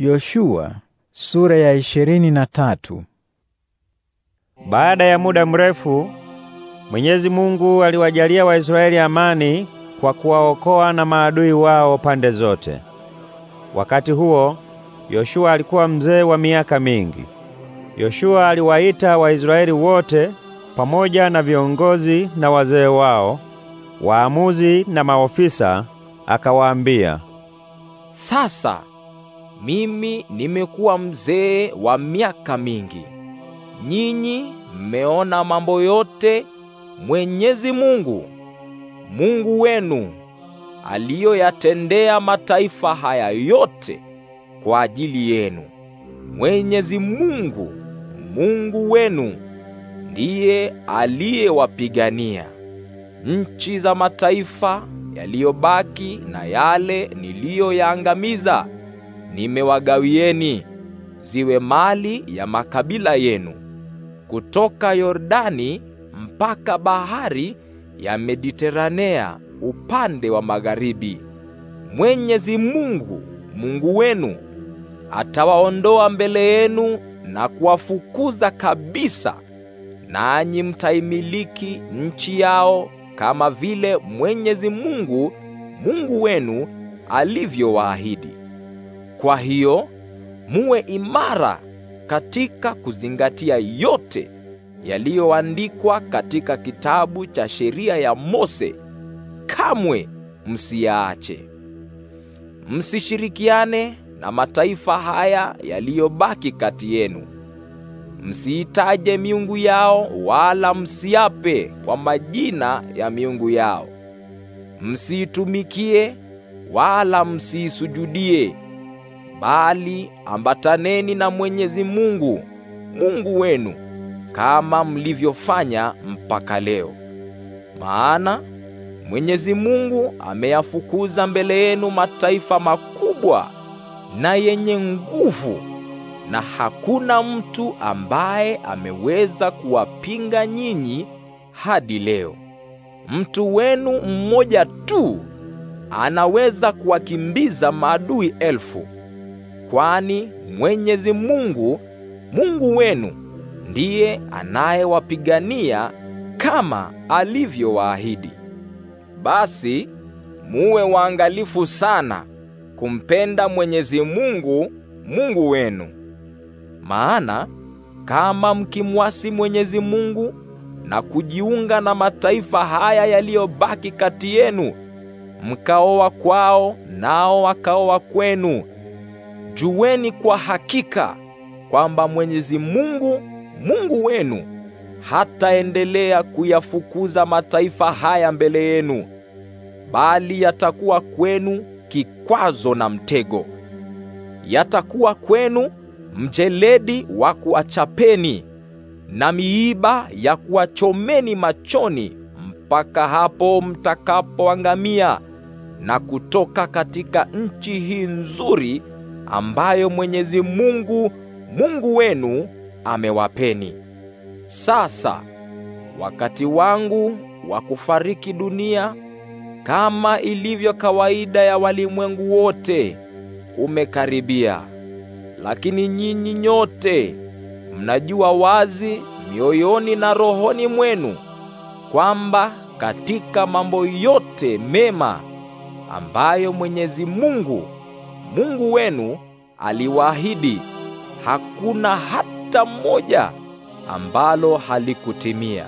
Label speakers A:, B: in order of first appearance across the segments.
A: Yoshua sura ya ishirini na tatu. Baada ya muda mrefu Mwenyezi Mungu aliwajalia Waisraeli amani kwa kuwaokoa na maadui wao pande zote. Wakati huo Yoshua alikuwa mzee wa miaka mingi. Yoshua aliwaita Waisraeli wote pamoja na viongozi na wazee wao, waamuzi na maofisa, akawaambia, "Sasa mimi nimekuwa mzee wa miaka mingi, nyinyi mmeona mambo yote Mwenyezi Mungu Mungu wenu aliyoyatendea mataifa haya yote kwa ajili yenu. Mwenyezi Mungu Mungu wenu ndiye aliyewapigania. Nchi za mataifa yaliyobaki na yale niliyoyaangamiza nimewagawieni ziwe mali ya makabila yenu kutoka Yordani mpaka bahari ya Mediteranea upande wa magharibi. Mwenyezi Mungu Mungu wenu atawaondoa mbele yenu na kuwafukuza kabisa, nanyi mtaimiliki nchi yao kama vile Mwenyezi Mungu Mungu wenu alivyowaahidi. Kwa hiyo muwe imara katika kuzingatia yote yaliyoandikwa katika kitabu cha sheria ya Mose, kamwe msiyaache. Msishirikiane na mataifa haya yaliyobaki kati yenu. Msiitaje miungu yao, wala msiape kwa majina ya miungu yao. Msiitumikie wala msiisujudie bali ambataneni na Mwenyezi Mungu Mungu wenu kama mlivyofanya mpaka leo. Maana Mwenyezi Mungu ameyafukuza mbele yenu mataifa makubwa na yenye nguvu, na hakuna mtu ambaye ameweza kuwapinga nyinyi hadi leo. Mtu wenu mmoja tu anaweza kuwakimbiza maadui elfu kwani Mwenyezi Mungu, Mungu wenu ndiye anayewapigania kama alivyowaahidi. Basi muwe waangalifu sana kumpenda Mwenyezi Mungu, Mungu wenu. Maana kama mkimwasi Mwenyezi Mungu na kujiunga na mataifa haya yaliyobaki kati yenu, mkaoa kwao nao wakaoa kwenu Jueni kwa hakika kwamba Mwenyezi Mungu, Mungu wenu, hataendelea kuyafukuza mataifa haya mbele yenu, bali yatakuwa kwenu kikwazo na mtego. Yatakuwa kwenu mjeledi wa kuachapeni na miiba ya kuwachomeni machoni mpaka hapo mtakapoangamia na kutoka katika nchi hii nzuri ambayo Mwenyezi Mungu Mungu wenu amewapeni. Sasa wakati wangu wa kufariki dunia, kama ilivyo kawaida ya walimwengu wote, umekaribia. Lakini nyinyi nyote mnajua wazi mioyoni na rohoni mwenu kwamba katika mambo yote mema ambayo Mwenyezi Mungu Mungu wenu aliwaahidi, hakuna hata mmoja ambalo halikutimia.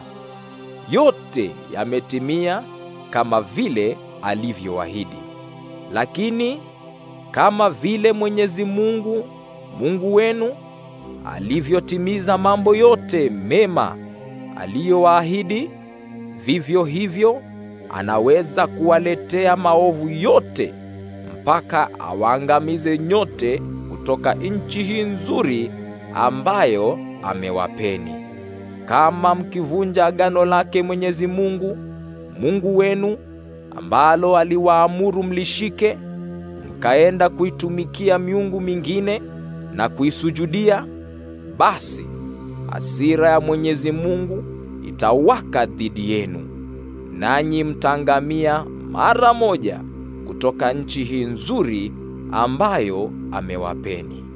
A: Yote yametimia kama vile alivyoahidi. Lakini kama vile Mwenyezi Mungu Mungu wenu alivyotimiza mambo yote mema aliyowaahidi, vivyo hivyo anaweza kuwaletea maovu yote mpaka awaangamize nyote kutoka nchi hii nzuri ambayo amewapeni. Kama mkivunja agano lake Mwenyezi Mungu, Mungu wenu, ambalo aliwaamuru mlishike, mkaenda kuitumikia miungu mingine na kuisujudia, basi hasira ya Mwenyezi Mungu itawaka dhidi yenu, nanyi mtangamia mara moja kutoka nchi hii nzuri ambayo amewapeni.